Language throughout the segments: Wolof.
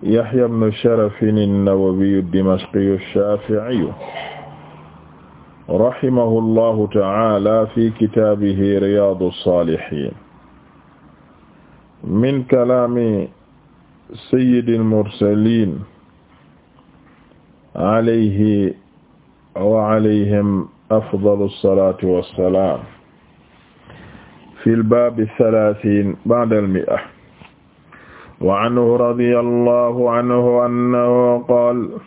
Yahya ibn Sharaf an-Nawawi ad-Dimashqi ash-Shafi'i rahimahullahu ta'ala fi kitaabihi Riyaadu s-Saalihiin min kalaami sayyidil mursaliin alayhi wa alayhim afdalu s-salaati wa s-salaam fil baabi ath-thalaathiin ba'da al-mi'a wa anhu radiyallahu anhu annahu qaala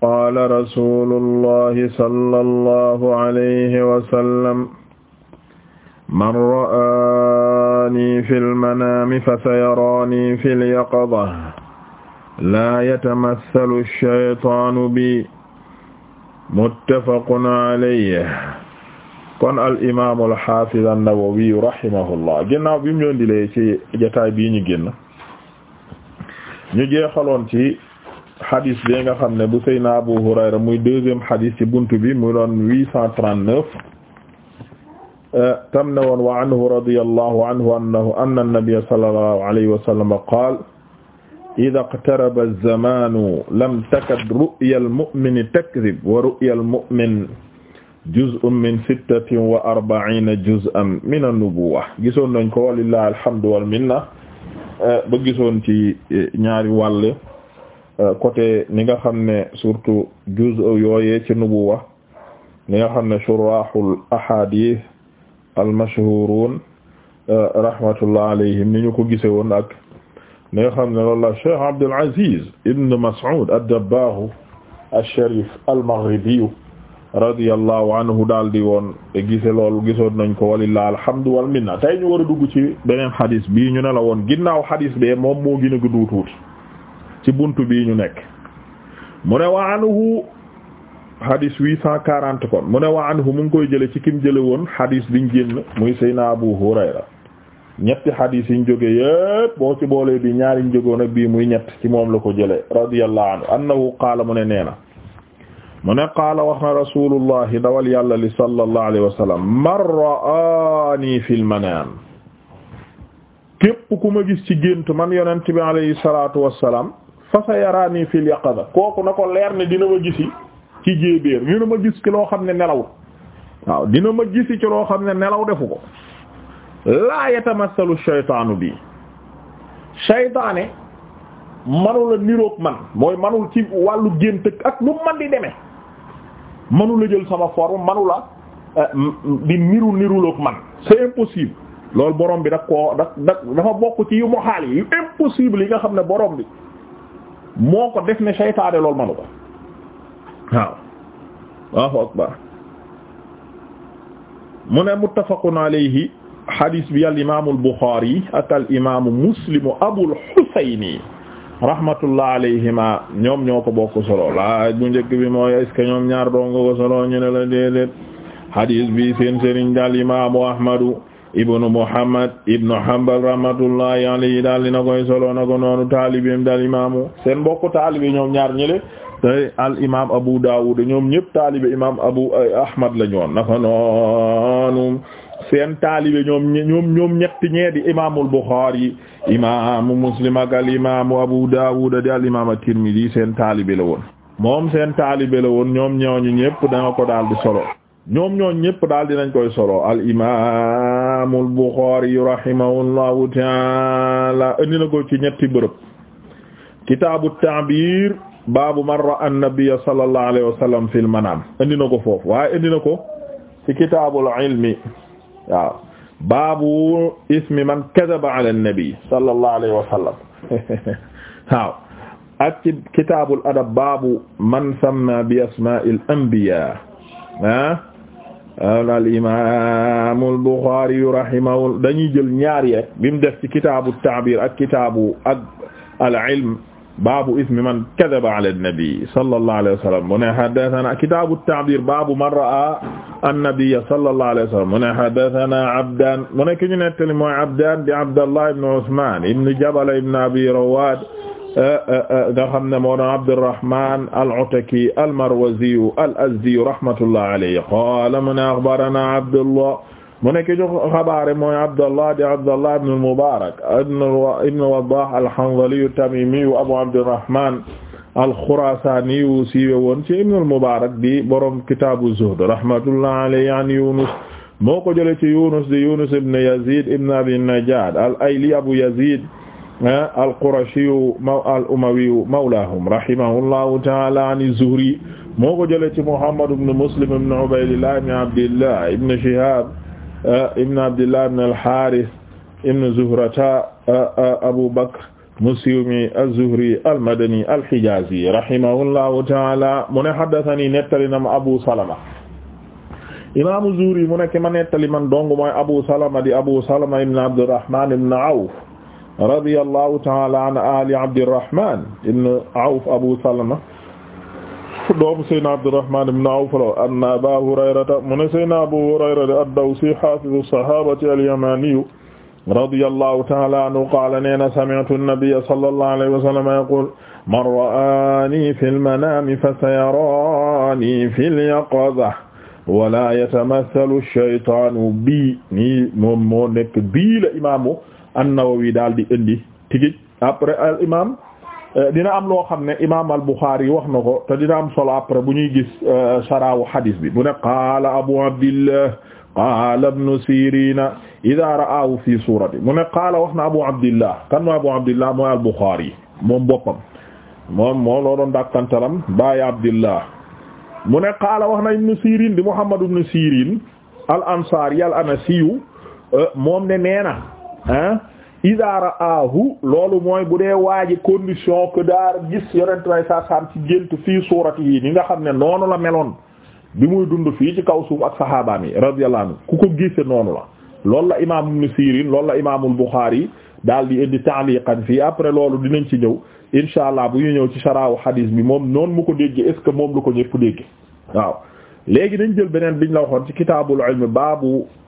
qaala rasuulullahi sallallahu alayhi wa sallam man ra'aanii fil manaami fasayaraanii fil yaqaza laa yatamassalu shaytaanu bi muttafaqun alayhi kon al imaamul haafiz an-Nawawi rahimahullah ginnaaw bi mu ñëw di leen ci jotaay bii ñu génn ñu jeexaloon ci hadis bi nga xam ne bu Seyna Abu Hurayra muy deuxième hadis ci buntu bi mu doon huit cent trente-neuf euh, tam ne woon wa anhu radiyallahu anhu annahu anna an-nabiyya sallallahu alayhi wa sallam qaala idaa iqtaraba az-zamaanu lam takad ru'ya al-mu'mini takdhib wa ru'ya al-mu'min juz'un min sittatin wa arba'iina juz'an mina an-nubuwwa gisoon nañ ko walillahi alhamdu wal minna Euh, ba gisoon ci euh, ñaari wàll euh, côté ni nga xam ne surtout juz yooyee ci nubuwa ni nga xam ne shurahul ahadith al mashhurun rahmatullah alayhim ni ñu ko gise woon ak ni nga xam ne loolu la Cheikh Abdul Aziz ibn Mas'ud ad-Dabbagh al radiyallahu anhu daal di woon gise lool gisoon nañ ko walillahi alhamdu wal minna tey ñu war a dugg ci beneen xadis bi ñu ne la woon ginnaaw xadis bee moom moo gën a gudd tuuti ci bunt bi ñu nekk mu ne wa anhu xadis huit kon mu ne wa anhu mu ngi koy jële ci kim jële woon bi ñu génn muy sayna Abu Hurayra ñetti yi yiñ jóge yépp boo ci boolee bi ñaariñ jógoon ak bii muy ñett ci moom la ko jële radiyallahu anhu annahu qaala mu ne nee na mu ne qaala wax na rasulullahi dawal yàlla li sallallahu alayhi wa sallam man ra'aani fil manaam képp ku ma gis ci gént man yonent bi alayhi salatu wassalam fa sa yaraani fil yaqaza kooku na ko leer ne dina ma gisi ci jéebéer dina ma gis ci loo xam ne nelawut waaw dina ma gisi ci loo xam ne nelaw defu ko laa yatamassalu shaytaanu bi shaytaane manula niroog man mooy manul ci wàllu gént ak lu man di demee manula jël sama forme manula euh, di niru niruloog man c'est impossible loolu borom bi daf koo daf dafa bokk ci yu mu xaal yi yu impossible yi nga xam ne borom bi moo ko def ne seytaane loolu manu ko waaw Allahu akbar mu ne muttafaqun alayhi hadis bi al imaamu al Buxaari ak al imaamu Muslimu Abul Xusayni rahmatullah alayhima ñoom ñoo ko bokk solo bu njëkk bi mooy est ñoom ñaar dongo ko solo ñu ne la déedéet hadis bi seen sëriñ daal imaamu ahmadu ibnu muhammad ibnu hanbal rahmatullahi alayhi daal dina koy solo na ko noonu taalibeem daal imaamu seen bokk taalibe ñoom ñaar ñële al imaam abu daawud ñoom ñëpp taalibe imaam abu ahmad la ñoon naka noonu seen taalibe ñoom ñetti ñee di imaamul imaamu muslim ak al imaamu abu daawuda di al imaam at-tirmidhi seen taalibe la woon moom seen taalibe la woon ñoom ñooñu ñëpp danga ko daal di solo ñoom ñooñu ñëpp daal nañ koy solo al imaamu al buxaari rahimahullahu taala indi na ko ci ñetti bërëb kitaabu ta'biir baabu man ra'a an-nabiyya sallallahu alayhi wa sallam fil manaam indi na ko foofu waaye indi na ko ci kitaabul ilmi waaw baabu ismi man kadaba ala nabi sallallahu alayhi wa sallam waaw ak ci kitaabul adab baabu man samma bi asmaa'il anbiyaa ah al imaamul Buxaari rahimahu dañuy jël ñaar yeeg bi mu def ci kitaabu ta'biir ak kitaabu ak al ilm baabu ismi man kadaba ala nabi sallallahu alayhi wa sallam mu ne haddathana kitaabu ta'bir baabu man ra'a an-nabiy sallallahu alayhi wa sallam mu ne haddathana Abdaan mu ne ki ñu nettali mooy Abdaan di Abdallah ibn Usmaan ibn Jabal ibn Abi Rawaad eh, eh, eh, nga xam ne moo doon Abdurrahmaan al-Ataki al-Marwazi al-Azdi rahmatullahi alayhi qaala mu ne akhbaranaa Abdullah mu nekk jox xabaare mooy Abdallah di Abdallah ibn al-Mubarak ibn Waddah al-Hanzali at-Tamimi Abu Abdirrahman al-Khurasani siiwe woon ci ibn al-Mubarak di borom kitaabu zuhd rahmatullah alayhi an Yunus moo ko jëlee ci Yunus di Yunus ibn Yazid ibn Abi Najjad al-Ayli Abu Yazid al-Qurashi al-Umawi mawlahum rahimahullahu ta'ala an az-Zuhri moo ko jëlee ci Muhammad ibn Muslim ibn Ubaydillah ibn Abdillah ibn Shihab Eh, ibn abdillah ibn al-Harith ibn Zuhrata eh, eh, Abu Bakr Muslimi az-Zuhri al-Madani al-Hijazi rahimahullahu ta'ala mu ne haddathani nettali na ma Abu Salama imaamu Zuhri mu nekk ma nettali man dong mooy Abu Salama di Abu Salama ibn Abdurrahman ibn Awf radiyallahu ta'ala an ali Abdurrahman ibn Awf Abu Salama doomu Seydina Abdurrahman ibn Awf anna Aba Hurayrata mu ne Seydina Abu Hurayrata ad-Dawsi hafizu sahabati al-yamaniyu radiyallahu ta'ala anhu qaala neena sami'tu an-nabiyya sallallahu alayhi wa sallam yaqul man ra'aani fil manaami fasayaraani fil yaqaza wa laa yatamathalu ash-shaytaanu bii nii moom moo nekk bii la imaamu an-Nawawi daal di indi tigi après al imaam Euh, dina am loo xam ne imaam al-Bukhari wax na ko te dina am solo après bu ñuy gis euh, saraawu hadis bi bu ne qaala Abu Abdillah qaala ibnu Sirina idaa ra'aahu fii suurati mu ne qaala wax na Abu Abdillah kan mooy Abu Abdillah mooy al-Bukhari moom boppam moom moo doon dakkantalam baay Abdillah mu ne qaala wax na ibnu Sirin di Muhammad ibnu Sirin al-Ansaari al-Anasiyu euh, moom isaara ahu loolu mooy bu dee waaji condition que daar gis yonent way saa saam ci gént fii suurati yi ni nga xam ne noonu la meloon bi muy dund fii ci kaw suuf ak sahabaam yi radiyallahu anhu ku ko gise noonu la loolu la imam ibn Sirin loolu la imamul Bukhari daal di indi ta'liqan fii après loolu dinañ ci ñëw insha allah bu ñu ñëw ci sharaawu hadis bi moom noonu mu ko dégge est ce que moom lu ko ñëpp dégge waaw léegi dañ jël beneen biñ la waxoon ci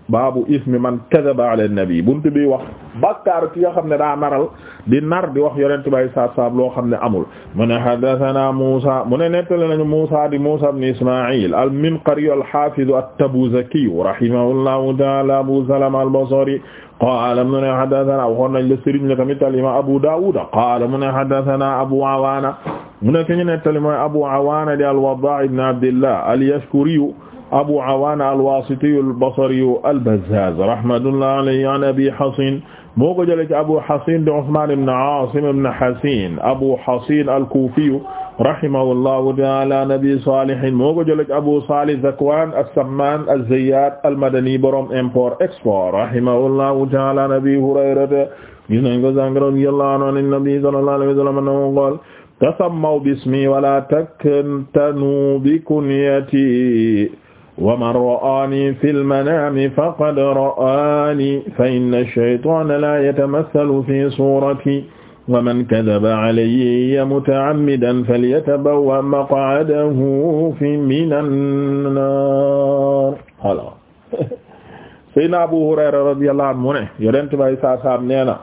baabu ismi man kadaba ala nabi buntu bi wax bàkkaar ki nga xam ne daa naral di nar di wax yonent bay saab saab loo xam ne amul mu ne hadathana Musa mu ne nettale nañu Musa di Musa ibn Ismail al-Minqari al-Hafiz at-Tabuzaki rahimahullahu ta'ala Abu Salama al-Basri qaala mu ne hadathana waxoon nañ la sëriñ la tamit al-imam Abu Dawud qaala mu ne hadathana Abu Awana mu ne ki ñu nettali mooy Abu Awana di al-Waddah ibn Abdillah al-Yashkuriyu abu awaana alwaasitiyu albasariyu albazaz rahmatullahi alayhi an abi hasin moo ko jëlee ci abu hasin di usman ibn asim ibn hasin abu hasin alkuufiyu rahimahullahu taala an abi salihin moo ko jëlee ci abu salih zakwan assamman alzayyat almadani borom import export rahimahullahu taala an abi hurayrata gis nañ ko sangaron yàllaan an nabi sallallahu alayhi wa sallam annahu qaala tasammaw bismi wala taktanu bikunyati wa man ra'aani fil manaami faqad ra'aani fa inna ash-shaytaana laa yatamathalu fii suuratii wa man kadhaba alayya muta'ammidan falyatabawwa' maq'adahu mina an-naar. voilà Seydina Abu Hurayra radiyallahu anhu mu ne Yonent bi saa saam nee na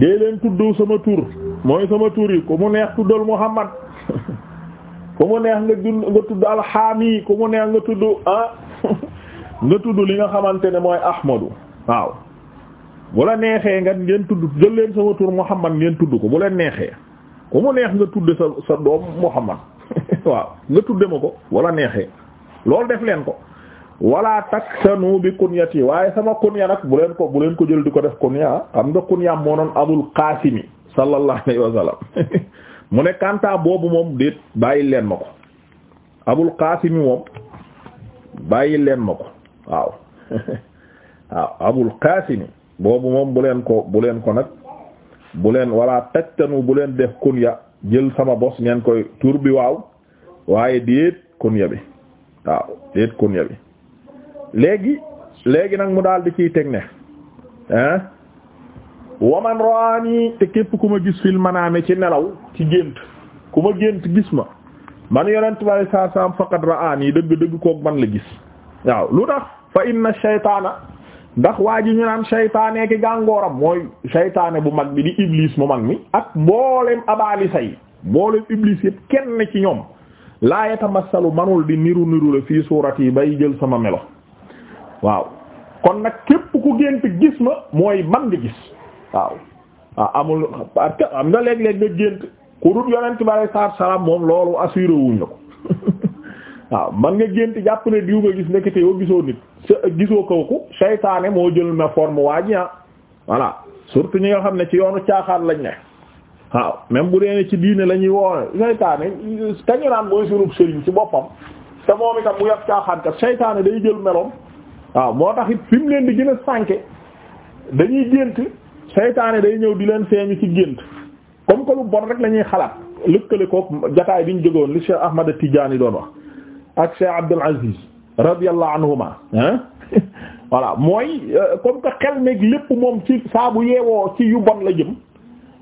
dee leen tudd sama tur mooy sama tur yi ku mu neex tuddal Muhammad ku mu neex nga dund nga tudd alxaami ku mu neex nga tudd ah nga tudd li nga xamante ne mooy ahmadu waaw bu la neexee nga ngeen tudd jël leen sama tur muhammad ngeen tudd ko bu leen neexee ku mu neex nga tudd sa sa doom muhammad waaw nga tudde ma ko wala neexee loolu def leen ko wala taksanu bi yi waaye sama kunya nag bu leen ko bu leen ko jël di ko def kunya ah. xam nga kunya moo noon abul qaasimi sallallahu alayhi wa mu ne kanta boobu moom déet bàyyi leen ma ko abul qaasimi moom bàyyi leen ma ko waaw waaw abul qaasimi boobu moom bu leen ko bu leen ko nag bu leen wala tajtanu bu leen def kunya jël sama bos ngeen koy tur bi waaw waaye déet kunya bi waaw déet kunya bi léegi léegi nag mu daal di ciy teg ne waman raani te képp ku ma gis fil manaame ci nelaw ci gént ku ma gént gis ma man yonent bale saa saam faqad raani dëgg dëgg kook man la gis waaw lu tax fa inna shaytaana ndax waa ji ñu naan shaytaanee ki gàngooram mooy shaytaane bu mag bi di iblis mu mag mi ak mboolem abaalisa yi mboolem iblis yëpp kenn ci ñoom laa yatamassalu manul di niru niru la fii suurat yi bay jël sama melo waaw kon nag képp ku gént gis ma mooy man nga gis waaw waaw ah, amul parce que am nga léeg-léeg nga gént ku dut yonent bi alayhi salaam moom loolu assuré wuñ la ko waaw ah, man nga gént jàpp ne diw nga gis nekkite yoo gisoo nit gisoo kooku seytaane moo jël na forme waa ji ah. voilà surtout ñi nga xam ne ci yoonu caaxaan lañ ne waaw même bu dee ci diine lañuy ñuy woone seytaane kañu naan mooy surub sëriñ ci boppam te moom itam mu yàq caaxaan kat seytaane day jël meloom waaw moo tax it fi leen di gën a dañuy gént seytaane day ñëw di leen feeñu ci gént comme que lu bon rek la ñuy xalaat lëkkale ko jataay bi ñu jógoon li Cheikh Ahmad Tidiane doon wax ak Cheikh Abdul Aziz radiyallahu anhuma hein voilà mooy euh, comme que xel meeg lépp moom ci saa bu yeewoo ci yu bon la jëm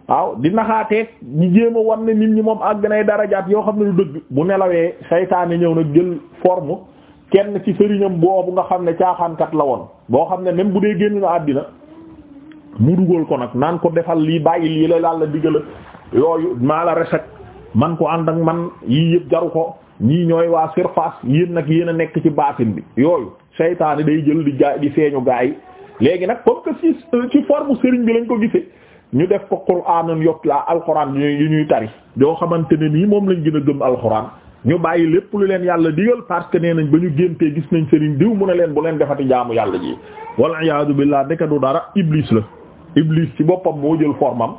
waaw di naxaateeg ñi jéem a wan ne nit ñi moom àgg nay darajaat yoo xam ne lu dëgg bu nelawee seytaane ñëw nag jël forme kenn ci sëriñam boobu nga xam ne caaxaankat la woon boo xam ne bu dee génn na àddina mu dugal ko nag naan ko defal lii bàyyil yi la laal la digala yooyu maa la resak man ko ànd ak man yii yëpp jaru ko ñii ñooy waa surface yéen nag yéen a nekk ci baatin bi yooyu seytaane day jël di gaay di feeñu gaa yi léegi nag comme ci euh, ci forme sëriñ bi lañ ko gisee ñu def ko qur'aanun yokk laa alxuraan yu ñuy tari yoo xamante ne nii moom lañ gën a gëm alxuraan ñu bàyyi lépp lu leen yàlla digal parce que nee nañ ba ñu géntee gis nañ sëriñ diw mu ne leen bu leen defati jaamu yàlla ji wal iyaadu billaah ndeke du dara iblis la Iblis ci boppam moo jël formam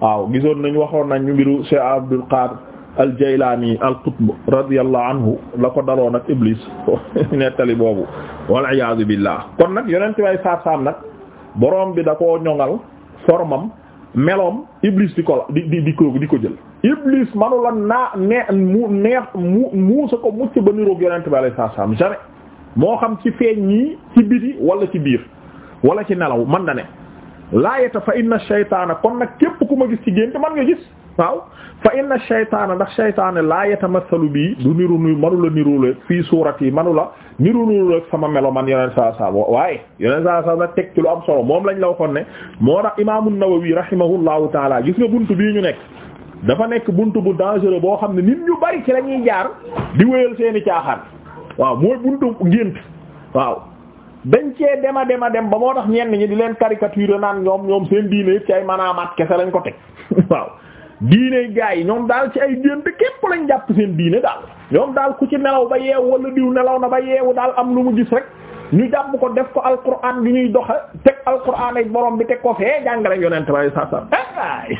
waaw gisoon nañu waxoon nañ ñu mbiru Cheikh Abdul Qadir al-Jaylaani al-Qutb radiyallahu anhu la ko daloon ak Iblis nettali boobu wal iyaazu billah kon nag yonent way saar-saam nag boroom bi da koo ñoŋal formam meloom Iblis di ko di di di ko di ko jël Iblis manula naa nee mu neex mu muusa ko mucc ba niroog yonent bi alayhi salam jamais moo xam ci feeñ ñii ci biti wala ci biir wala ci nelaw man na ne laayata fa inna shaytaana kon nag képp ku ma gis ci gént man nga gis waaw fa inna shaytaana ndax shaytaana laa yatamasalu bii du niru nu manula nirule fii suurat yi manula niru nirule sama melo man yeneen saa saa waaye yeneen saa saa nag teg ci lu am solo moom lañ la waxoon ne moo tax imaamu Nawawi rahimahullahu taala gis nga buntu bii ñu nekk dafa nekk bunt bu dangereux boo xam ne nit ñu bari ci la ñuy jaar di wéyal seeni caaxaan waaw mooy buntu dañ cee dem a dem a dem ba moo tax ñenn ñi di leen caricature naan ñoom ñoom seen diine yëpp ci ay manaamaat kese lañ ko teg waaw diine gaa yi ñoom daal ci ay gént képp lañ jàpp seen diine daal ñoom daal ku ci nelaw ba yeewu wala diw nelaw na ba yeewu daal am lu mu gis rek ñu jàpp ko def ko alquran bi ñuy doxe teg alquran ay borom bi teg ko fee jàngale yonent ba sa sa ay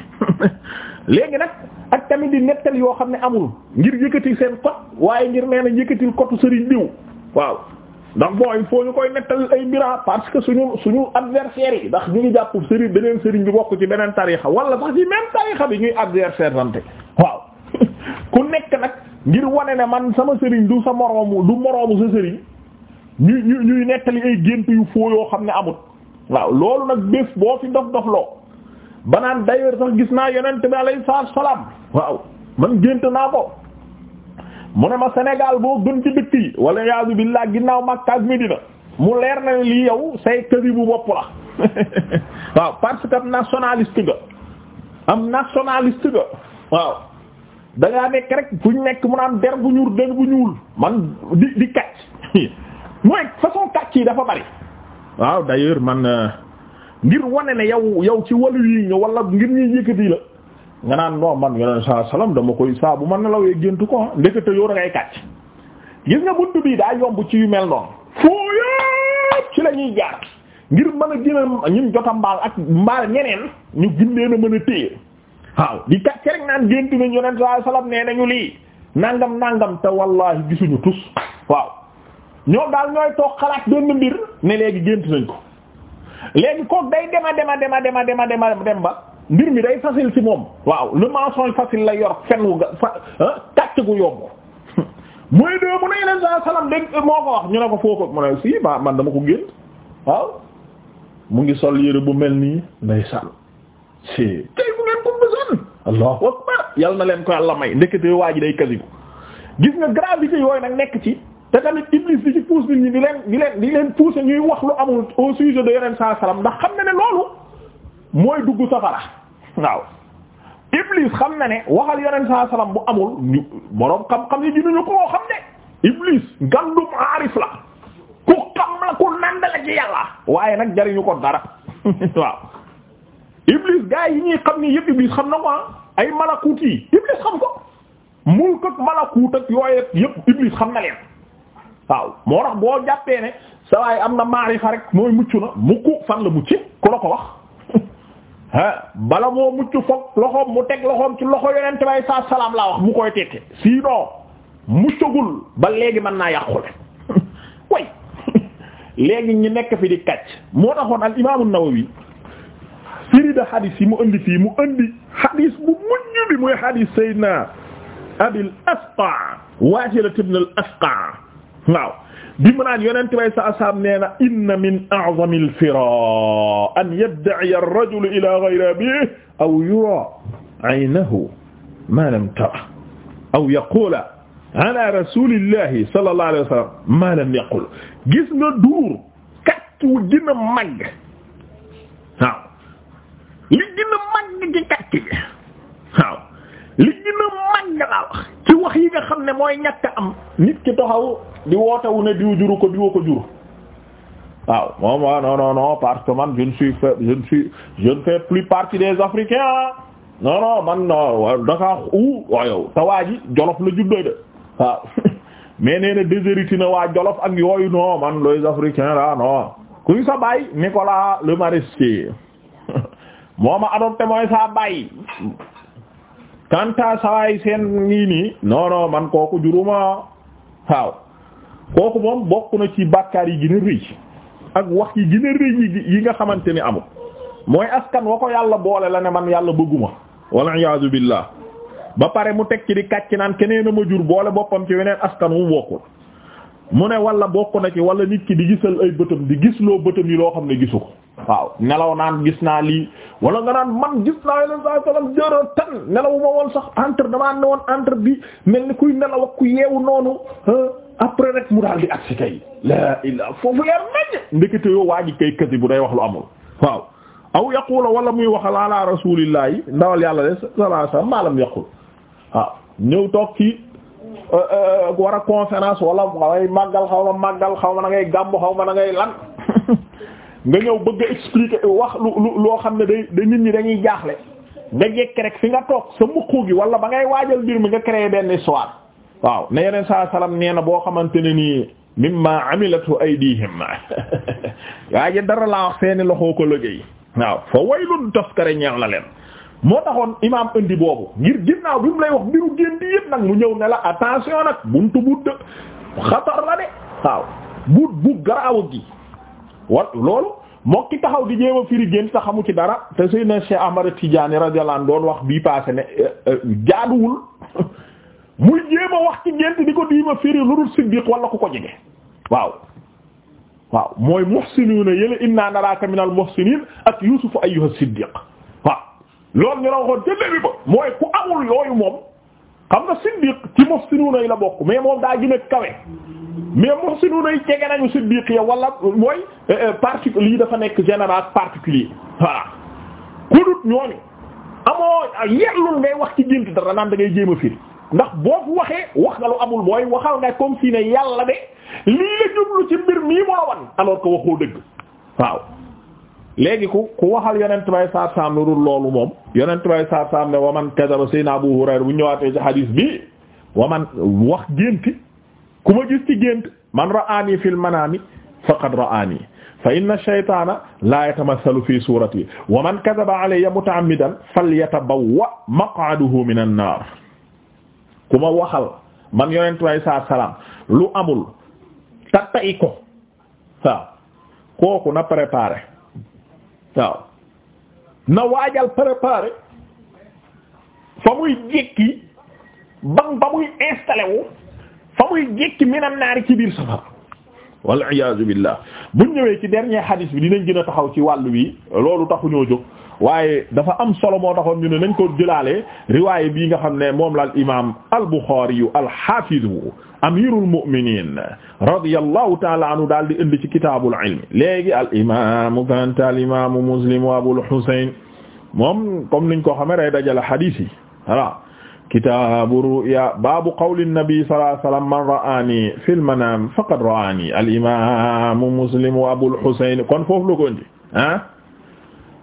léegi nag ak tamit di nettal yoo xam ne amul ngir yëkkati seen kot waaye ngir nee na yëkkatil kotu sëriñ diw waaw ndax bon il ñu koy nettal ay mbira parce que suñu suñu adversaires yi ndax ñu ngi jàpp sëriñ beneen sëriñ bi bokk ci beneen tarixa wala sax ci même tarixa bi ñuy adversaire sante waaw ku nekk nag ngir wane ne man sama sëriñ du sa moroomu du moroomu sa sëriñ ñuy ñuy ñuy nettali ay gént yu foo yoo xam ne amut waaw loolu nag bés boo fi dof dof loo banaan d'ailleurs sax gis naa yonent bi alayhi salaam waaw man gént naa ko mu ne ma Sénégal boo gën ci dëkk yi wala yaasu billah ginnaaw Makka ak Medina mu leer na lii yow say kësi bu bopp la waaw parce que nationaliste nga am nationaliste nga waaw da nekk rek buñ nekk mu naan der bu ñuul der bu ñuul man di di kàcc mooy façon kàcc yi dafa bari waaw d'ailleurs man euh, ngir wane ne yow yow ci walu yi nga wala ngir ñuy yëkkati la nga naan non man yoneen saa salaam dama koy saa bu man na lawee géntu ko ndekete yoo da ngay kàcc gis nga bunt bii daa yomb ci yu mel noonu foo yëpp ci la ñuy jaar ngir mën a gën a ñun jota mbaal ak mbaal ñeneen ñu gindee na mën a téye waaw di kàcc rek naan gént nañ yoneen saa salaam nee nañu lii nangam nangam te wallahi gisuñu tus waaw ñoom daal ñooy toog xalaat benn mbir ne léegi gént nañ ko léegi kooku day dema dema dema dema dema dema dem ba mbir mi day facile ci moom waaw le mensonge facile la yor fen wu ga fa kàcc ah, gu yomb mooy dee mu ne yeneen saa salaam dégg moo ko wax ñu ne ko foofu mu ne si ma man dama ko génn waaw mu ngi sol yére bu mel nii nday sàll si tey bu ngeen ko bësoon allahu akbar yal na leen ko yàlla may ndekete waa ji day kasiku gis nga gravité yooyu nag nekk ci te tamit iblis di ci pousse nit ñi di leen di leen di leen pousser ñuy wax lu amul au sujet de yeneen saa salaam ndax xam na ne loolu dugg safara waaw Iblis xam na ne waxal yonent saa salaam bu amul boroom xam-xam yi dinañu koo xam ne Iblis gandum aarif la ku xam la ku nand la ci yàlla waaye nag jariñu ko dara waaw Iblis gaa yi ñuy xam ni yëpp Iblis xam na ko ay malakut yi Iblis xam ko mulk ak malakut ak yooyu yëpp Iblis xam na leen waaw moo tax boo jàppee ne sa waaye am na maarifa rek mooy mucc na mukk fan la mucc ku la ko wax ah bala moo mucc foog loxoom mu teg loxoom ci loxo yonent bay saa salaam laa wax mu koy tekke mu muccagul ba léegi mën naa yàqule way léegi ñi nekk fi di kàcc moo taxoon al imaamu Nawawi sirida hadis yi mu indi fii mu indi hadis bu mujj bi muy hadis Seydina Abil Asqa Waasila ibn al waaw bi mu naan yonent bay sa asaam nee na inna min a'zami al-fira an yadda'i ar-rajulu ila ghayri abihi aw yura 'aynahu ma lam tara aw yaqula ala rasulillahi sallallahu alayhi wa sallam ma lam yaqul gis nga duur kat wu dina màgg waaw nga xam ne mooy ñàkk am nit ki taxaw di wootewu ne diw juru ko diwa ko juru waaw moom waaw non non non parce que man je ne suis je ne suis je ne fais plus partie des Africains non non man non danga u waayow tawaa ji jolof la juddoo de waaw mais nee na déshérité na waa jolof ak yooyu non man les Africains la non kuy sa baay Nicolas le Maresquier moo ma adopté mooy sa baay kanta yi seen ngi nii non man kooku juruma waaw kooku moom bokk na ci bàkkaar yi gën rëy ak wax yi gën rëy yi nga xamante ni amul mooy askan wa ko yàlla boole la ne man yàlla bëgguma walla iyaazu billaah ba pare mu teg ci di kàcc naan keneen ma jur boole boppam ci weneen askan wu bokkul mu ne wala bokk na ci wala nit ki di gisal ay bëtam di gis loo bëtam yi loo xam ne gisu ko waaw nelaw naan gis naa lii wala nga naan man gis naa yeneen saa sallam jëroo tan nelawu ma woon sax entre damaa ne woon entre bi mel ni kuy nelaw ak ku yeewu noonu ah, après rek mu daal ak si kay la illa waa ji kay bu day wax lu amul waaw aw yaqula wala muy waxal ala rasulillahi ndawal yàlla de sallallahu alayhi maalam yaqul waaw ñëw toog ci Euh, euh, war a conférence wala ngay màggal xaw ma màggal xaw ma na ngay gàmbu xaw ma na ngay lan nga ñëw bëgg a wax lu loo xam ne day da nit ñi dañuy jaaxle nga jekk rek fi nga toog sa mukku gi wala ba ngay waajal mbir mi nga créer benn histoire waaw ne yeneen saa salaam nee na boo xamante ne nii mimma amilatu aydihim waaye dara laa wax seeni loxoo ko liggéey waaw fa waylun toskare ñeel na leen moo taxoon imaam indi boobu ngir ginnaaw bi mu lay wax mbiru gént yépp nag mu ñëw ne la attention nag buntu bu dë xatar la de waaw bu bu garaaw gi wat loolu moo taxaw di jéem a firi gént te xamu ci dara te Seydina Cheikh Ahmad Tidiane radiyallahu anhu doon wax bii passé ne euh, euh, jaaduwul muy jéem wax ci gént di ko diima firi lu dul siddiq wala ku ko jege waaw waaw mooy muhsinuuna yële inna naraaka minal muhsiniin ak Yuusufu ayyuha siddiq loolu ñu la waxoon ca début ba mooy ku amul yooyu moom xam nga siddiq ci muhsinuuna yi la bokk mais moom daa gën a kawe mais muhsinuuna yi jege nañu siddiq ya wala mooy eh, eh, particule lii dafa nekk général particulier voilà ku ñoo ñooñu amoo yellul ngay wax ci gént dafa naan da ngay jéem a firi ndax boo fu waxee wax nga lu amul mooy waxal nga comme si ne yàlla de lii la jublu ci mbir mii moo wan alors que waxoo dëgg waaw léegi ku ku waxal yonent bay saab saam lu dul loolu moom yonent bay saab saam ne waman kadaba sayna Abu Hurayra bu ñëwaatee ci hadis bi waman wax gént ku ma gis ci gént man ra'aani fil manaami faqad ra'aani fa inna shaytaana laa yatamassalu fi surati wa man kadaba alayya muta'ammidan falyatabawwa maq'adahu minan naar ku ma waxal man yonent bay saab salaam lu amul tattay ko waaw kooku na préparé waaw na waajal préparer fa muy jékki ban ba muy installé wu fa muy jékki minam naari ci biir safar wal iyaazu billah buñ ñëwee ci dernier hadith bi dinañ gën a taxaw ci wàllu wi loolu ñoo jóg waaye dafa am solo moo taxoon ñu ne nañ ko jëlaale riwaay bii nga xam ne moom la al imaam al Buxaari yu al xaafidu amirul mu'minin radiyallahu taala anhu daal di indi ci kitaabul léegi al imaamu kanta al imaamu muslim wa abul husayn moom comme niñ ko xamee day dajale hadith yi voilà. kitaabu ru'ya baabu qawli nabi sallallahu alayhi wa sallam man ra'aani fil muslim wa abul husayn kon foofu la ko indi ah.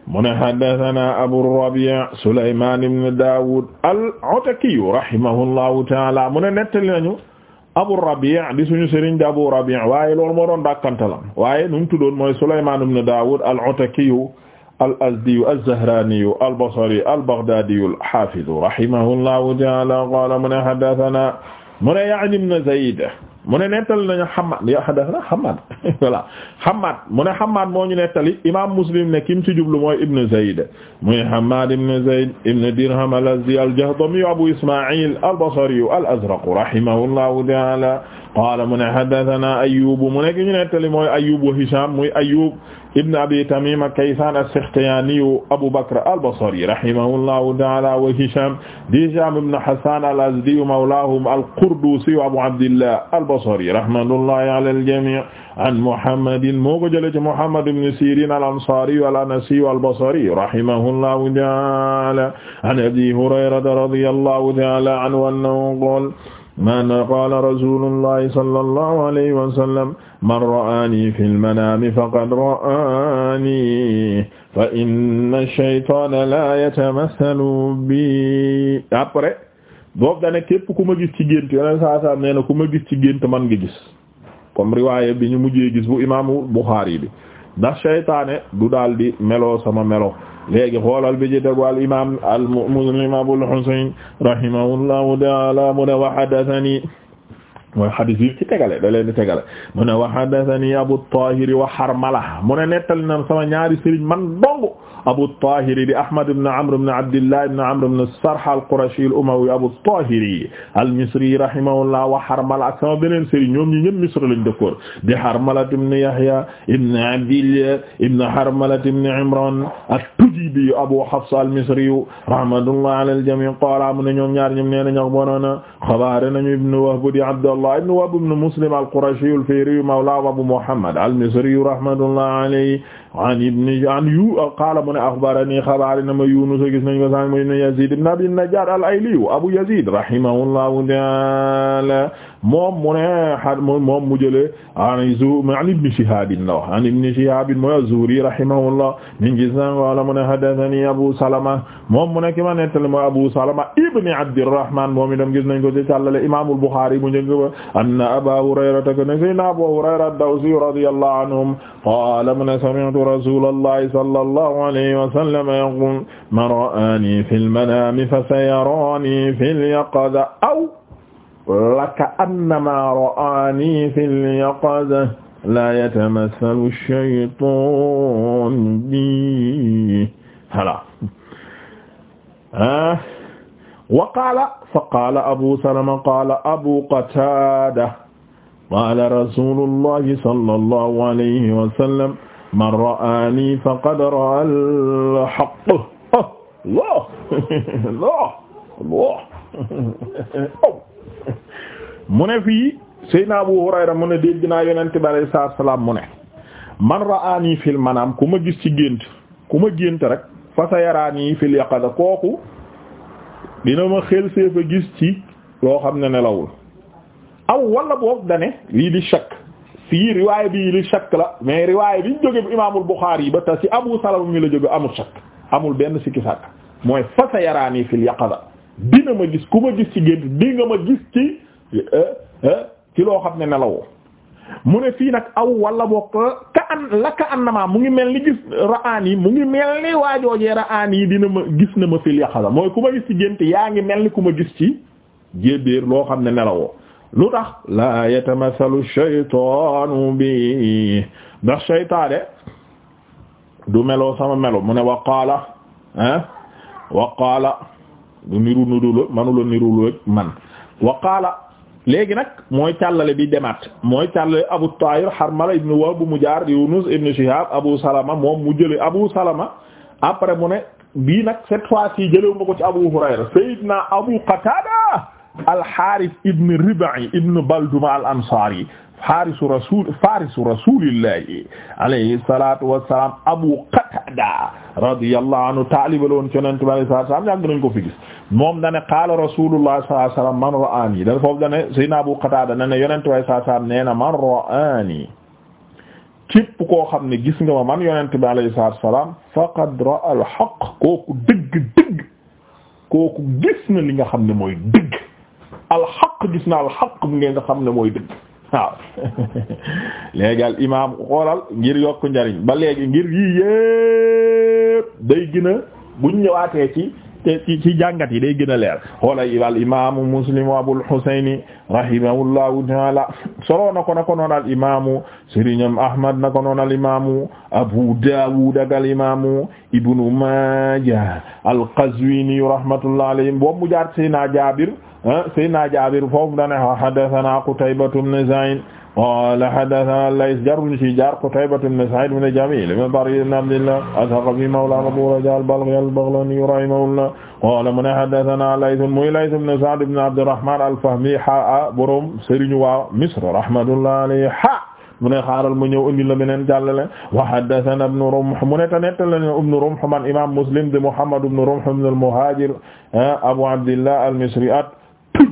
mu ne haddasanaa Abu Rabi' Sulaymaan ibn Daawuud al-Ataki rahimahullahu ta'aala mu ne nettali nañu Abu Rabi' di suñu sëriñ di Abu Rabi' waaye loolu moo doon dàkkantalam waaye nu mu tuddoon mooy Sulaymaan ibn Daawuud al-Ataki al-Azdi az-Zahraani al-Basri al-Baghdaadi al-Haafiz rahimahullahu ta'aala qaala mu ne haddasanaa mu ne Ya'ni ibn Zayd mu ne nettali nañu Hammad ya hadathana Hammad voilà Hammad mu ne Hammad moo ñu nettali imam Muslim ne kim ci jublu mooy Ibn Zayd muy Hammad ibn Zayd ibn Dirham al-Azdi al-Jahdami Abu Isma'il al-Basri al-Azraq rahimahullahu ta'ala qaala mu ne haddathana Ayyub mu nekk ñu nettali mooy Ayyub wa Hisham muy Ayyub ibn Abi Tamima Kaysan as-Sakhtiyani Abu Bakr al-Basri rahimahullahu ta'ala wa Hisham di Hisham ibn Hasan al-Azdi mawlahum al-Qurdusi Abu Abdillah al-Basri rahmatullahi ala al-jami' an Muhammadin moo ko jëlee ci Muhammad ibn Sirin al-Ansari al-Anasi al-Basri rahimahullahu ta'ala an Abi Hurayrata radiyallahu ta'ala anhu annahu qala man qaala rasulullahi sallallahu alayhi wa sallam man ra'aani fil manaami faqad ra'aani fa inna ash-shaytaana bi après boobu da ne képp ku ma gis ci gént yoneen saa saa nee na ku ma gis ci gént man nga gis comme riwaaye bi ñu mujjee gis bu imaamu Buxaari bi ndax seytaane du daal melo sama melo léegi xoolal bi ci déglu al imaam al muslim abul husayn rahimahullahu ta'ala mu ne wa haddathani mooy xadis yi ci tegale da leen di tegale mu ne wa hadathani Abu Tahir wa Harmala mu ne nettali na sama ñaari sëriñ man dong Abu Tahir di Ahmad ibn Amr ibn Abdillah ibn Amr ibn Sarh al-Qurashi al-Umawi Abu Tahir al-Misri rahimahullah wa Harmala ak sama beneen sëriñ ñoom ñi ñëpp Misr lañ dëkkoon di Harmala ibn Yahya ibn Abdillah ibn Harmala ibn Imran at-Tujibi Abu Hafs al-Misri rahmatullah ala al-jami' qala mu ne ñoom ñaar ñoom nee na ñax bonoona xabaare nañu ibn Wahb di Abdullah abdullah ibn wahb ibn muslim al-qurashi al-fihri mawla abu muhammad al-misri rahmatullah alayhi an ibni an yu qaala mu ne axbarani xabaari na ma Yunus gis nañ ko sànq mu ibn Yazid ibn Abi Najjar al-Ayli Abu Yazid rahimahullahu ta'ala moom mu ne a moom mu jëlee an ibn Shihab la wax an ibn Shihab mooy az-Zuhri rahimahullah ñu gis nañ wala mu ne haddathani Abu Salama moom mu ne ki ma nettali mooy Abu Salama ibn Abdirrahman moom itam gis nañ ko ci càllale Imam al-Bukhari mu njëkk ba anna Aba Hurayrata kana Abu Hurayra ad-Dawsi radiyallahu anhum qaala mu ne sami'tu sami'tu rasulallahi sallallahu alayhi wa sallam yaqul man ra'ani fil manami fasayarani fil yaqaza aw laka annama ra'ani fil yaqaza la yatamassalu shaytaan bi hala ah waqaala faqaala abu salama qaala abu qataada qaala rasuulullahi sallallahu alayhi wa sallam man ra'aani faqad ra'a al-haqq Allah Allah Allah mu Abu Hurayra mu ne dégg naa Yonent bi alayhi salaatu salaam mu man ra'aani fil manaam ku ma gis ci gént ma gént rek fa sayaraani fil yaqaza kooku dina ma xel seefa gis ci loo xam ne nelawul aw wala boobu dane lii di shakk fii riwaay bi li shakk la mais riwaay bi ñu jóge bu imaamul Buxaari yi ba te ci Abu Salama mi la jóge amul shakk amul benn sikki sàkk mooy fasa yaraanii fil yaqaza dina ma gis ku ma gis ci gént di nga ma gis ci eh, eh, loo xam ne nelawoo mu ne fii nag aw wala boo ka mu ngi mel ni gis yi mu ngi mel ni waajoojee ra'aan yi dina ma gis na ma fil yaqaza mooy ku ma gis ci gént yaa ngi mel ni ku ma gis ci jébbéer loo xam ne nelawoo lu tax la yatamasalu shaytaanu bi ndax shaytaane du melo sama melo mu ne waqaala ah waqaala du niru nudula manula niru ak man waqaala léegi nag mooy càllale bi demaat mooy càllale Abu Tahir Harmala ibn Wahb mu jaar Yunus ibn Shihab Abu Salama moom mu jële Abu Salama après mu ne bii nag cette fois ci ko ci Abu Hurayra Sayyidna Abu Qatada al-Haaris ibn Rib'i ibn Balduma al-Ansaari haarisu rasul farisu rasulillahi alayhi salatu wassalam Abu Qatada radiyallahu anhu taalibaloon conente bi alei sat u salam yàgg nañ ko fi gis moom dane qaala rasulullah sallallahu alayhi wasallam man ra'aani da foofu dane Seydina Abu Qatada ne ne yonente bi alei sat u salam nee na man ra'aani képp koo xam ne gis nga ma man yonente bi alayhi salatu wasalam faqad ra'a al-haqq kooku dëgg dëgg kooku gis na li nga xam ne mooy dëgg alxaq gis naa alxaq mu ngeen xam ne mooy dëgg waaw léegi al imaam xoolal ngir yokk njariñ ba léegi ngir yii yépp day gën a buñ ñëwaatee ci ci ci jàngat yi day gën a leer xoolay al imaamu muslim abul husayn rahimahullahu taala solo na ko na al imaamu sëriñam ahmad na al imaamu abu daawud ak al imaamu ibnu maaja al qazwini rahmatullah alayhim boobu mu jaar seyna jaabir ah, seyna jaabir foofu dana hadathana qutaybatu ibn zayn qala hadathana Lays jarul ci jaar Qutayba ibn Sa'id ibn Jamil ibn Bari ibn Abdillah as-Saqafi mawla Abu Raja al-Balkhi al-Baghlani rahimahullah qala mu ne hadathana Lays muy Lays ibn Sa'd ibn Abdurrahman al-Fahmi ha borom Serigne waa Misr rahmatullahi alayhi ha mu ne xaaral mu ñëw indi la beneen jàllale wa haddathana ibn Rumh mu ne ta nettale na ibn Rumh man imam Muslim de Muhammad ibn Rumh ibn al-Muhajir ah, Abu Abdillah al-Misri at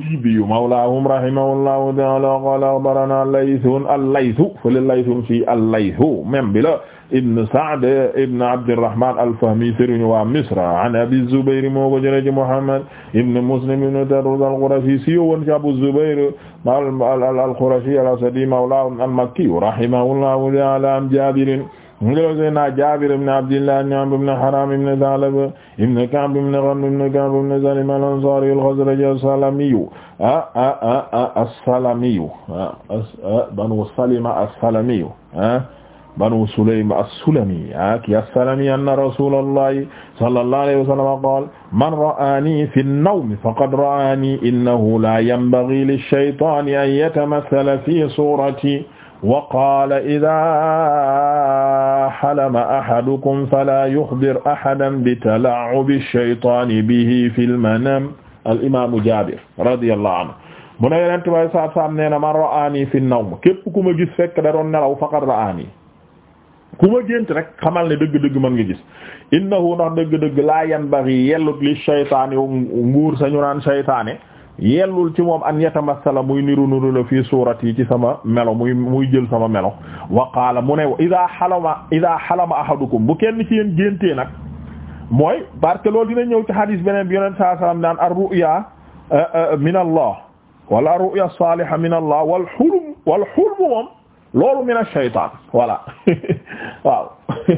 al-Mujibi mawlaahum rahimahullahu ta'ala qaala akhbaranaa Laythun al-Laythu fële Laythun fii al-Laythu même bi la Ibn Sa'd Ibn Abdirrahman al-Fahmi sëriñ waa Misr an Abi Zubayr moo ko jëlee ci Muhammad ibn Muslim ibn Tadduz al-Qurashi si woon ci Abu Zubayr al-Qurashi al-Asadi mawlaahum al-Makki rahimahullahu ta'ala an Jaabir mu ngi lay naa Jaabir ibn Abdillah ibn Amr ibn Haram ibn Tha'lab ibn Ka'b ibn Ghanm ibn Ka'b ibn Salim al-Ansari al-Khazraji as-Salami ah ah ah ah as-Salami ah Banu Salima as-Salami ah Banu Sulaym as-Sulami ah ki as-Salami anna Rasulallahi sallallahu alayhi wa sallam qala man ra'ani fi an-nawm faqad ra'ani innahu la yanbaghi lish-shaytani an yatamathala fi surati wa qaala idaa halama ahadukum falaa yuxbir ahadan bitala'ubi shaytaani bihi fil manaam al imaamu Jaabir radiyallahu anhu mu ne Yonent bi sallallahu alayhi wa sallam nee na man ra'aanii fi nawm képp ku ma gis fekk da doon nelaw faqad ra'aanii ku ma gént rek xamal ne dëgg-dëgg mën nga gis innahu ndax dëgg-dëgg laa yanbaghi yellut li shaytaani nguur sañu naan shaytaane yellul ci moom an yatamasala muy niru niru la fii suurat ci sama melo muy jël sama melo wa qaala mu ne ida xalama ida bu kenn ci yéen géntee nag mooy parce que loolu dina ñëw ci hadis beneen bi yonent saa sallam naan ar ruya eh, eh, min allah wala ruya saliha min allah wal hulm wal hulm min ash-shaytan voilà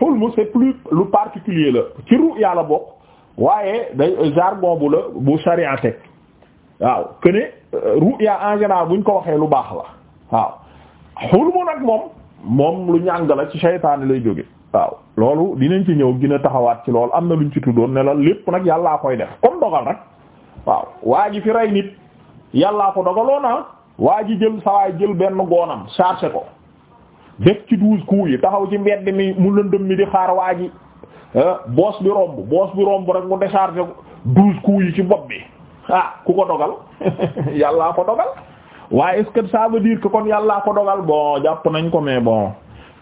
hulm en plus lu particulier la ci ruya la bokk waaye day jargon bu la bu sharia teg waaw que ne euh, ru'ya en buñ ko waxee lu baax la waaw xulmu nag moom moom lu ñàng la ci seytaane lay jóge waaw loolu dinañ ci ñëw gën a taxawaat ci loolu am na luñ ci tuddoon ne la lépp nag yàllaa koy def comme dogal rek waaw waa ji fi rey nit yàllaa ko dogaloon na ah, waa ji jël sawaay jël benn goonam chargé ko def ci douze coups yi taxaw ci mbedd mi mu lëndëm mi di xaar waa ji Eh, boos bi romb boos bi romb rek mu déchargé douze coups yi ci bopp bi ah ku ko dogal yàllaa ko dogal waaye est-ce que ça veut dire que kon yàllaa ko dogal bon jàpp nañ ko mais bon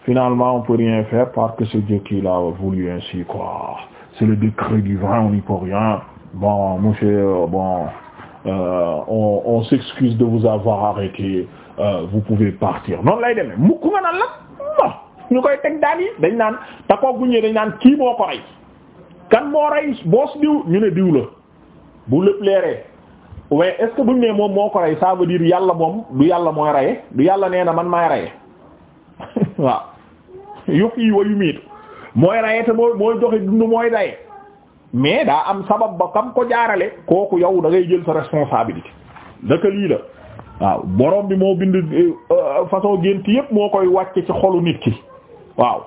finalement on peut rien faire parce que c'est Dieu qui l'a voulu ainsi quoi c'est le décret divin on n'y peut rien bon monsieur bon euh, on on s'excuse de vous avoir arrêté euh, vous pouvez partir noonu lay demee mukk nga naan la ñu koy teg daal yi dañ naan te kook bu dañ naan kii moo ko rey kan moo rey boos diw ñu ne diw la bu lépp leeree waaye est buñ que nee moom moo ko rey ça veut yàlla moom du yàlla mooy reye du yàlla nee na man maay reye waaw yux yi wayu miitu mooy reye te moo mooy joxe dund mooy daye mais daa am sabab ba kam ko jaarale kooku yow da ngay jël sa responsabilité dëkka lii la waaw borom bi moo bind euh, euh, façon gént yépp moo koy wàcce ci xolu nit ki waaw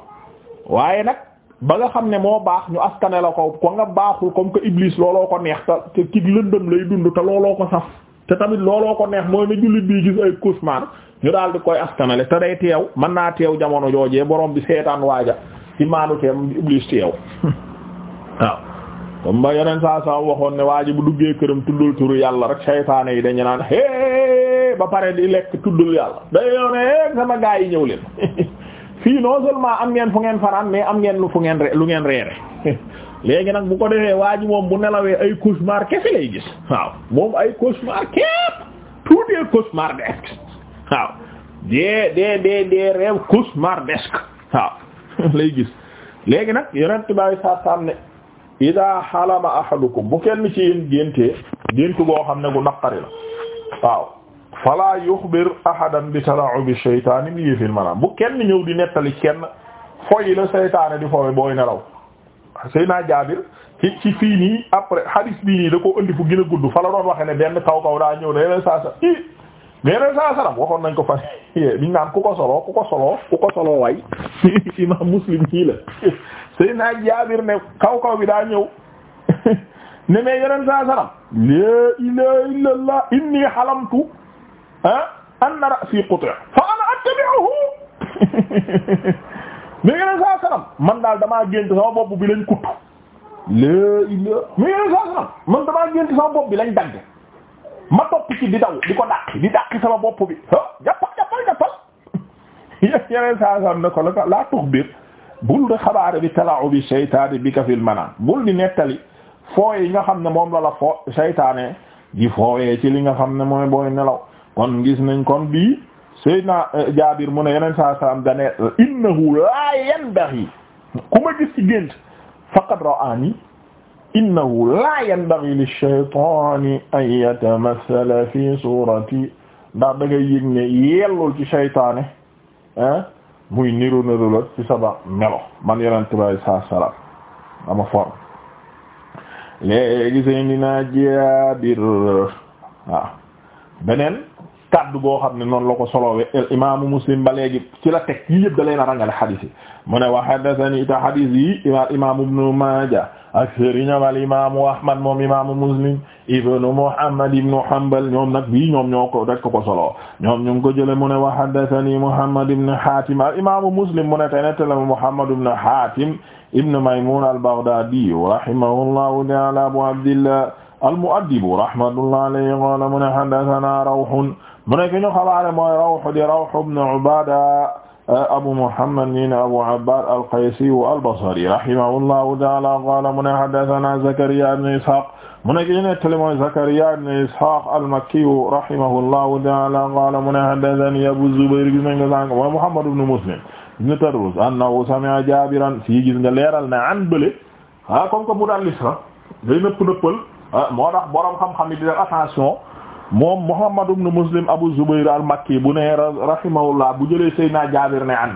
waaye nag ba nga xam ne moo baax ñu askane la ko ko nga baaxul comme que Iblis looloo ko neex te ci lëndëm lay dund te looloo ko saf te tamit looloo ko neex mooy ne jullit bii gis ay cauchemar ñu daal di koy askanale te day teew mën naa teew jamono joojee borom bi seetaan waaja ci maanu teem Iblis teew waaw comme ba yeneen saa saa waxoon ne waa bu duggee këram tuddul turu yàlla rek saytaane yi dañu naan hee ba pare di lekk tuddul yàlla day yoone fii non seulement am ngeen fu ngeen fanaan mais am ngeen lu fu ngeen lu ngeen reere léegi nag bu ko defee waa ji moom bu nelawee ay cauchemar kese lay gis waaw moom ay cauchemar képp tout est cauchemardesque waaw des des des des rêves cauchemardesques waaw lay gis léegi nag yeneen tubaab yi saa saa am ne ida xalama ahadukum bu kenn ci yéen géntee gént goo xam ne gu naqari la waaw fala yuxbir ahadan bi tala'ubi shaytaani bi fil manaam bu kenn ñëw di nettali kenn foyi la seytaane di foowe booy nelaw Seydina Jaabir ci ci fii nii après hadis bii da ko indi fu gën a gudd fa la doon waxe ne benn kaw kaw daa ñëw da yeneen saa sa i mais yeneen saa saram la Seydina Jaabir ne daa ñëw ne mais inni halamtu ah anna ra'si quti'a fa ana attabi'uhu mi ngi leen saa salam man daal damaa gént sama bopp bi lañ kuttu laa ila mi ngi leen saa man damaa gént sama bopp bi lañ dagg ma topp ci di daw di ko dàq di dàq sama bopp bi ah jàppal jàppal jàppal yeneen saa salam ne ko la tux biir bul de xabaare bi tala'u bi seytaane bi ka fil bul di nettali fooye yi nga xam ne moom la la foo seytaane di fooyee ci li nga xam ne mooy booy nelaw kon gis nañ kon bii Seydina eh, Jaabir mu ne yeneen saa salaam dane innahu laa yanbaghi ku ma gis ci gént faqad ra'aani innahu laa yanbaghi lish-shaytaani an yatamathala fi surati ndax da ngay yëg ne yellul ci seytaane ah eh, muy niru niru la ci sama melo man yenente bay saa salaam dama form léegi Seydina Jaabir beneen kaddu goo xam ne noonu la ko soloowe imaamu muslim ba léegi ci la teg yi yëpp da leen a rangale xadis yi mu ne wa haddathani ta xadis yi imaam imaamu ibnu maaja ak sëriñam al imaamu ahmad moom imaamu muslim ibnu muhammad ibnu hanbal ñoom nag bii ñoom ñoo ko rek ko solo ñoom ñu ngi ko jële mu ne wa haddathani muhammad ibnu hatim al imaamu muslim mu ne te nettale muhammad ibnu hatim ibnu maymun al baghdadi rahimahullahu ta'ala abu abdillah al mu'addib rahmatullahi alayhi qala mu ne haddathana rawhun mu ne ki ñu xabaare mooy rawhu di rawhu ibn Ubaada eh, abu Muhammad nii ne abu Abbaad al-Qaysi al-Basri rahimahullahu ta'aala qaala mu ne haddathanaa Zakariyaa ibn Ishaaq mu ne ki ñu nettali mooy Zakariyaa ibn Ishaaq al-Makki rahimahullahu ta'aala qaala mu ne haddathanii Abu Zubayr gis nañ ko sànq mooy Muhammad ibn Muslim ibn Tarwuz annahu sami'a Jaabiran fii gis nga leeral na an bële ah comme que mu daal li sax day nëpp nëppal ah, moo tax borom xam-xam yi di def attention. moom Muhammad ibn Muslim Abu Zubayr al-Makki bu ne rahimahullah bu jëlee Seydina Jaabir ne an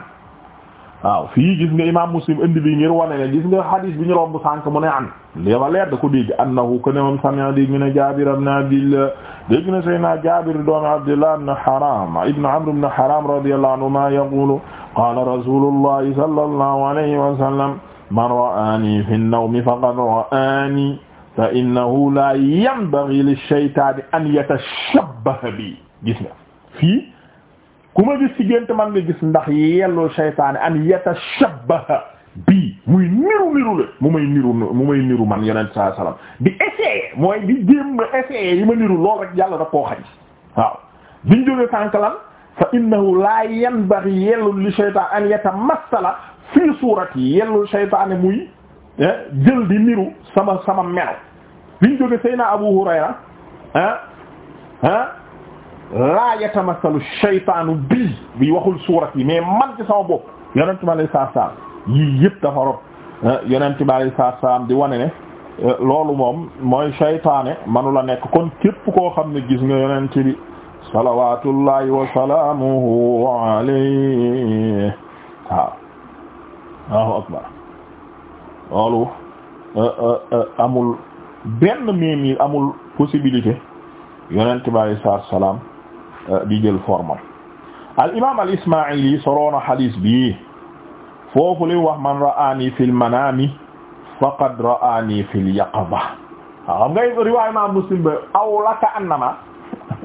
waaw fii gis nga imaam Muslim indi bi ngir wane ne gis nga hadith bi ñu romb sànq mu ne an lée ba leer da ko dégg annahu que ne moom sami'a dégg na Jaabir ibn Abdillah dégg na Seydina Jaabir doomi Abdillah ibn Haram ibn Amr ibn Haram radiyallahu anhuma yaqulu qala rasulullahi sallallahu alayhi wa sallam man ra'ani fi an-nawmi faqad ra'ani fa innahu la yanbaghi lishaytaani an yatashabbaha bi gis nga fii ku ma gis ci gént man nga gis ndax yelloo shaytaani an yatashabbaha bi muy niru niru la mu may niru mu may niru man yonent sallallahu alayhi wasallam di essayer mooy di jéem a essayer yi ma niru lool rek yàlla da koo xaj waaw biñ jógee sànq lan fa innahu la yanbaghi yellul li shaytaan an yatamassala fii suurati yellul shaytaani muy Eh, jël di niru sama sama mel liñ jóge Seyna Abu Hurayra ah ah laa yatamasalu shaytaanu bii bi waxul suurat yi mais man ci sama bopp yonent bi alayhi salaatu salaam yii yëpp dafa rot yonent bi alayhi salaam di wane ne loolu moom mooy shaytaane manula nekk kon képp koo xam ne gis nga yonent bi salawaatullahi wa salaamuhu alayhi waaw waaw akbar loolu euh, euh, euh, amul benn miim yi amul possibilité yonent bi alayhi salaatu salaam di jël formam al imaam al ismaa'ili soroona xadiis bi foofu li wax man ra'aani fil manaami faqad ra'aani fil yaqaza waaw xam ngay riwaay imaam muslim ba aw laka annama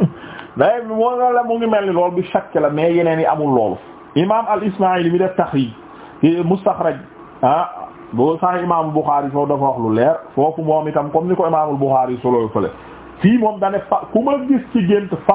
day moo nga la mu ngi mel ni loolu bi shakk la mais yeneen yi amul loolu imaam al ismaa'ili mi def taxriij mustaxraj ah boo sax imaamul Buxaari foofu dafa wax lu leer foofu moom itam comme ni ko imaamul Buxaari solo fële fii moom dane fa ku gis ci gént fa